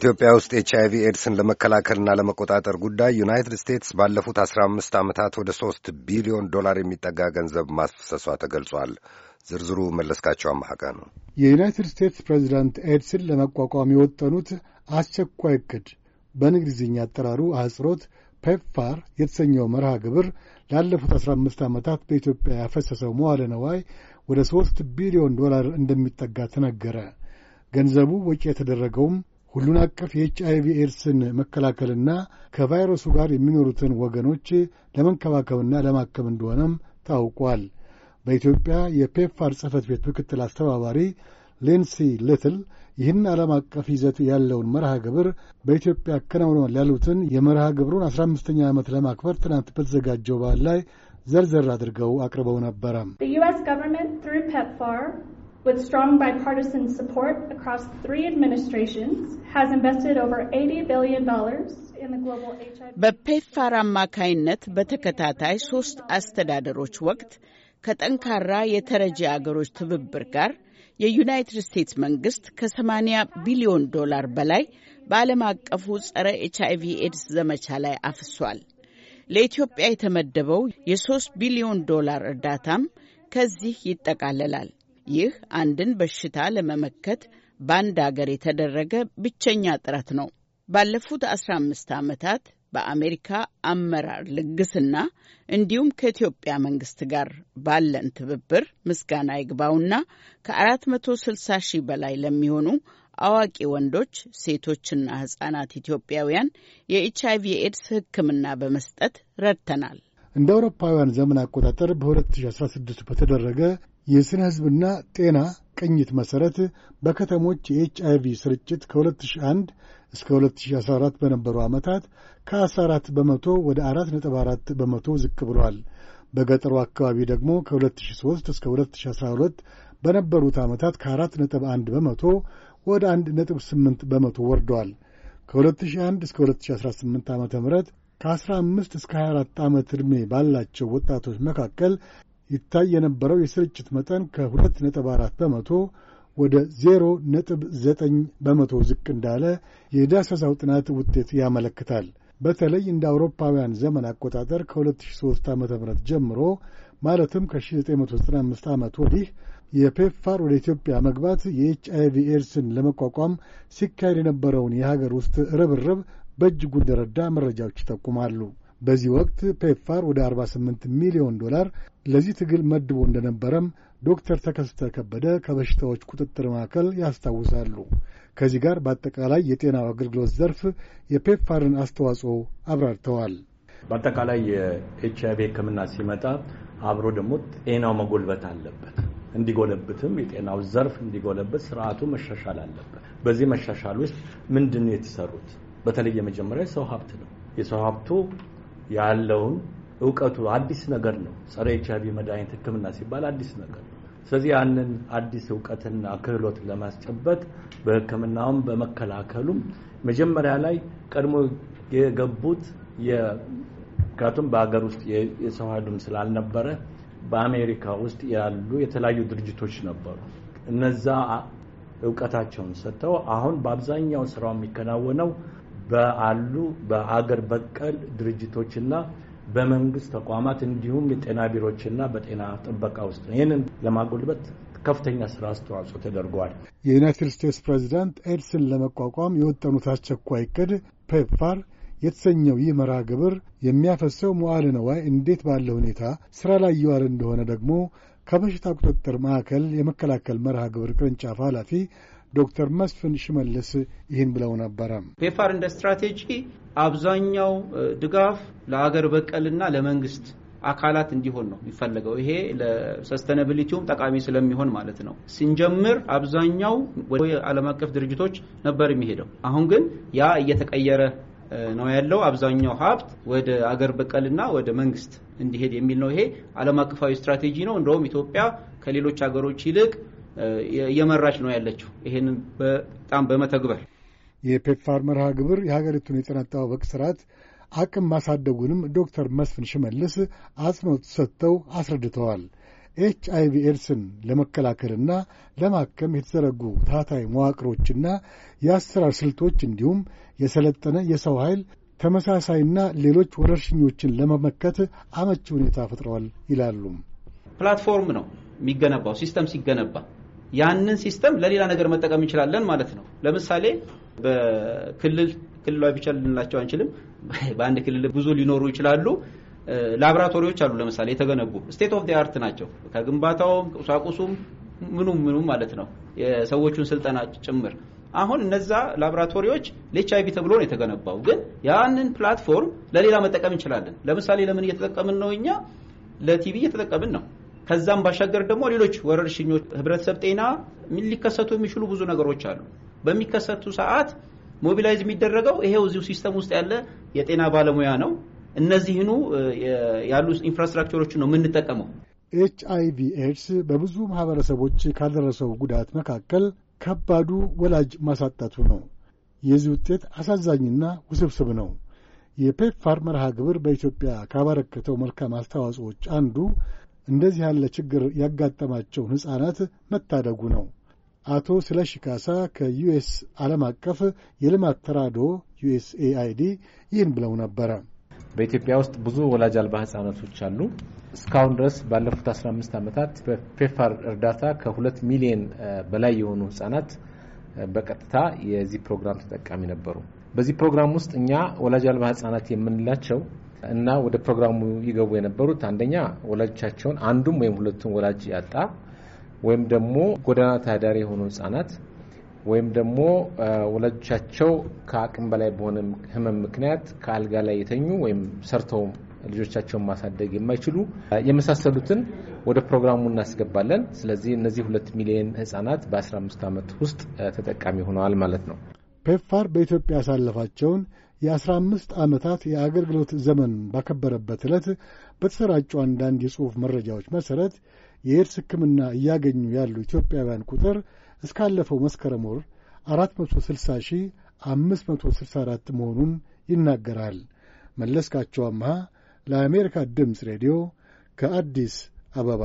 ኢትዮጵያ ውስጥ ኤች አይቪ ኤድስን ለመከላከልና ለመቆጣጠር ጉዳይ ዩናይትድ ስቴትስ ባለፉት አስራ አምስት ዓመታት ወደ ሦስት ቢሊዮን ዶላር የሚጠጋ ገንዘብ ማስፈሰሷ ተገልጿል። ዝርዝሩ መለስካቸው አማሃ ነው። የዩናይትድ ስቴትስ ፕሬዚዳንት ኤድስን ለመቋቋም የወጠኑት አስቸኳይ እቅድ በእንግሊዝኛ አጠራሩ አህጽሮት ፔፕፋር የተሰኘው መርሃ ግብር ላለፉት አምስት ዓመታት በኢትዮጵያ ያፈሰሰው መዋለ ነዋይ ወደ ሶስት ቢሊዮን ዶላር እንደሚጠጋ ተነገረ። ገንዘቡ ወጪ የተደረገውም ሁሉን አቀፍ የኤች አይቪ ኤድስን መከላከልና ከቫይረሱ ጋር የሚኖሩትን ወገኖች ለመንከባከብና ለማከም እንደሆነም ታውቋል። በኢትዮጵያ የፔፋር ጽፈት ቤት ምክትል አስተባባሪ ሌንሲ ልትል ይህን ዓለም አቀፍ ይዘት ያለውን መርሃ ግብር በኢትዮጵያ አከናውነዋል ያሉትን የመርሃ ግብሩን አስራ አምስተኛ ዓመት ለማክበር ትናንት በተዘጋጀው በዓል ላይ ዘርዘር አድርገው አቅርበው ነበረ። with strong bipartisan support across three administrations, has invested over $80 billion in the አማካይነት በተከታታይ ሶስት አስተዳደሮች ወቅት ከጠንካራ የተረጂ አገሮች ትብብር ጋር የዩናይትድ ስቴትስ መንግስት ከ80 ቢሊዮን ዶላር በላይ በዓለም አቀፉ ጸረ ኤች አይቪ ኤድስ ዘመቻ ላይ አፍሷል። ለኢትዮጵያ የተመደበው የ3 ቢሊዮን ዶላር እርዳታም ከዚህ ይጠቃለላል። ይህ አንድን በሽታ ለመመከት በአንድ አገር የተደረገ ብቸኛ ጥረት ነው። ባለፉት 15 ዓመታት በአሜሪካ አመራር ልግስና እንዲሁም ከኢትዮጵያ መንግስት ጋር ባለን ትብብር ምስጋና ይግባውና ከ460 ሺህ በላይ ለሚሆኑ አዋቂ ወንዶች፣ ሴቶችና ህጻናት ኢትዮጵያውያን የኤች አይቪ ኤድስ ሕክምና በመስጠት ረድተናል። እንደ አውሮፓውያን ዘመን አቆጣጠር በ2016 በተደረገ የሥነ ሕዝብና ጤና ቅኝት መሠረት በከተሞች የኤች አይ ቪ ስርጭት ከ2001 እስከ 2014 በነበሩ ዓመታት ከ14 በመቶ ወደ 4.4 በመቶ ዝቅ ብሏል። በገጠሩ አካባቢ ደግሞ ከ2003 እስከ 2012 በነበሩት ዓመታት ከ4.1 በመቶ ወደ 1.8 በመቶ ወርደዋል። ከ2001 እስከ 2018 ዓ ም ከ15 እስከ 24 ዓመት ዕድሜ ባላቸው ወጣቶች መካከል ይታይ የነበረው የስርጭት መጠን ከሁለት 24 በመቶ ወደ 0.9 በመቶ ዝቅ እንዳለ የዳሰሳው ጥናት ውጤት ያመለክታል። በተለይ እንደ አውሮፓውያን ዘመን አቆጣጠር ከ2003 ዓ ም ጀምሮ ማለትም ከ1995 ዓመት ወዲህ የፔፕፋር ወደ ኢትዮጵያ መግባት የኤች አይቪ ኤድስን ለመቋቋም ሲካሄድ የነበረውን የሀገር ውስጥ ርብርብ በእጅጉ እንደረዳ መረጃዎች ይጠቁማሉ። በዚህ ወቅት ፔፕፋር ወደ 48 ሚሊዮን ዶላር ለዚህ ትግል መድቦ እንደነበረም ዶክተር ተከስተ ከበደ ከበሽታዎች ቁጥጥር ማዕከል ያስታውሳሉ። ከዚህ ጋር በአጠቃላይ የጤናው አገልግሎት ዘርፍ የፔፕፋርን አስተዋጽኦ አብራርተዋል። በአጠቃላይ የኤች አይቪ ሕክምና ሲመጣ አብሮ ደግሞ ጤናው መጎልበት አለበት። እንዲጎለብትም የጤናው ዘርፍ እንዲጎለበት ስርዓቱ መሻሻል አለበት። በዚህ መሻሻል ውስጥ ምንድን ነው የተሰሩት? በተለይ የመጀመሪያ ሰው ሀብት ነው። የሰው ሀብቱ ያለውን እውቀቱ አዲስ ነገር ነው። ጸረ ኤች አይቪ መድኃኒት ህክምና ሲባል አዲስ ነገር ነው። ስለዚህ ያንን አዲስ እውቀትና ክህሎት ለማስጨበጥ በህክምናውም በመከላከሉም መጀመሪያ ላይ ቀድሞ የገቡት ምክንያቱም በሀገር ውስጥ የሰው ኃይሉም ስላልነበረ በአሜሪካ ውስጥ ያሉ የተለያዩ ድርጅቶች ነበሩ። እነዛ እውቀታቸውን ሰጥተው አሁን በአብዛኛው ስራው የሚከናወነው በአሉ በአገር በቀል ድርጅቶችና በመንግስት ተቋማት እንዲሁም የጤና ቢሮዎችና በጤና ጥበቃ ውስጥ ነው። ይህንን ለማጎልበት ከፍተኛ ስራ አስተዋጽኦ ተደርጓል። የዩናይትድ ስቴትስ ፕሬዚዳንት ኤድስን ለመቋቋም የወጠኑት አስቸኳይ እቅድ ፔፕፋር የተሰኘው ይህ መርሃ ግብር የሚያፈሰው መዋዕለ ነዋይ እንዴት ባለ ሁኔታ ስራ ላይ ይዋል እንደሆነ ደግሞ ከበሽታ ቁጥጥር ማዕከል የመከላከል መርሃ ግብር ቅርንጫፍ ኃላፊ ዶክተር መስፍን ሽመልስ ይህን ብለው ነበረ። ፔፓር እንደ ስትራቴጂ አብዛኛው ድጋፍ ለአገር በቀልና ለመንግስት አካላት እንዲሆን ነው የሚፈለገው። ይሄ ለሰስተነብሊቲውም ጠቃሚ ስለሚሆን ማለት ነው። ስንጀምር አብዛኛው ወደ ዓለም አቀፍ ድርጅቶች ነበር የሚሄደው። አሁን ግን ያ እየተቀየረ ነው ያለው። አብዛኛው ሀብት ወደ አገር በቀልና ወደ መንግስት እንዲሄድ የሚል ነው። ይሄ ዓለም አቀፋዊ ስትራቴጂ ነው። እንደውም ኢትዮጵያ ከሌሎች ሀገሮች ይልቅ እየመራች ነው ያለችው። ይሄን በጣም በመተግበር የፔፕፋር መርሃ ግብር የሀገሪቱን የጤና አጠባበቅ ስርዓት አቅም ማሳደጉንም ዶክተር መስፍን ሽመልስ አጽንኦት ሰጥተው አስረድተዋል። ኤች አይቪ ኤድስን ለመከላከልና ለማከም የተዘረጉ ታታይ መዋቅሮችና የአሰራር ስልቶች እንዲሁም የሰለጠነ የሰው ኃይል ተመሳሳይና ሌሎች ወረርሽኞችን ለመመከት አመቺ ሁኔታ ፈጥረዋል ይላሉ። ፕላትፎርም ነው የሚገነባው ሲስተም ሲገነባ ያንን ሲስተም ለሌላ ነገር መጠቀም እንችላለን ማለት ነው። ለምሳሌ በክልል ክልላዊ ብቻ ልንላቸው አንችልም። በአንድ ክልል ብዙ ሊኖሩ ይችላሉ። ላብራቶሪዎች አሉ። ለምሳሌ የተገነቡ ስቴት ኦፍ ዲ አርት ናቸው። ከግንባታውም ቁሳቁሱም ምኑም ምኑም ማለት ነው የሰዎቹን ስልጠና ጭምር። አሁን እነዛ ላብራቶሪዎች ለኤች አይቪ ተብሎ ነው የተገነባው። ግን ያንን ፕላትፎርም ለሌላ መጠቀም እንችላለን። ለምሳሌ ለምን እየተጠቀምን ነው? እኛ ለቲቪ እየተጠቀምን ነው። ከዛም ባሻገር ደግሞ ሌሎች ወረርሽኞች ህብረተሰብ ጤና ሊከሰቱ የሚችሉ ብዙ ነገሮች አሉ። በሚከሰቱ ሰዓት ሞቢላይዝ የሚደረገው ይሄው እዚሁ ሲስተም ውስጥ ያለ የጤና ባለሙያ ነው። እነዚህኑ ያሉ ኢንፍራስትራክቸሮች ነው የምንጠቀመው። ኤች አይ ቪ ኤድስ በብዙ ማህበረሰቦች ካደረሰው ጉዳት መካከል ከባዱ ወላጅ ማሳጣቱ ነው። የዚህ ውጤት አሳዛኝና ውስብስብ ነው። የፔፕፋር መርሃ ግብር በኢትዮጵያ ካበረከተው መልካም አስተዋጽኦች አንዱ እንደዚህ ያለ ችግር ያጋጠማቸውን ሕፃናት መታደጉ ነው። አቶ ስለሺ ካሳ ከዩኤስ ዓለም አቀፍ የልማት ተራድኦ ዩኤስኤአይዲ ይህን ብለው ነበረ። በኢትዮጵያ ውስጥ ብዙ ወላጅ አልባ ህፃናቶች አሉ። እስካሁን ድረስ ባለፉት 15 ዓመታት በፔፋር እርዳታ ከሁለት ሚሊዮን በላይ የሆኑ ህፃናት በቀጥታ የዚህ ፕሮግራም ተጠቃሚ ነበሩ። በዚህ ፕሮግራም ውስጥ እኛ ወላጅ አልባ ሕፃናት የምንላቸው እና ወደ ፕሮግራሙ ይገቡ የነበሩት አንደኛ ወላጆቻቸውን አንዱም ወይም ሁለቱም ወላጅ ያጣ ወይም ደግሞ ጎዳና ታዳሪ የሆኑ ህጻናት ወይም ደግሞ ወላጆቻቸው ከአቅም በላይ በሆነ ህመም ምክንያት ከአልጋ ላይ የተኙ ወይም ሰርተው ልጆቻቸውን ማሳደግ የማይችሉ የመሳሰሉትን ወደ ፕሮግራሙ እናስገባለን። ስለዚህ እነዚህ ሁለት ሚሊዮን ህጻናት በ15 ዓመት ውስጥ ተጠቃሚ ሆነዋል ማለት ነው። ፔፋር በኢትዮጵያ ያሳለፋቸውን የአስራ አምስት ዓመታት የአገልግሎት ዘመን ባከበረበት ዕለት በተሰራጩ አንዳንድ የጽሑፍ መረጃዎች መሠረት የኤድስ ሕክምና እያገኙ ያሉ ኢትዮጵያውያን ቁጥር እስካለፈው መስከረም ወር አራት መቶ ስልሳ ሺህ አምስት መቶ ስልሳ አራት መሆኑን ይናገራል። መለስካቸው አምሃ ለአሜሪካ ድምፅ ሬዲዮ ከአዲስ አበባ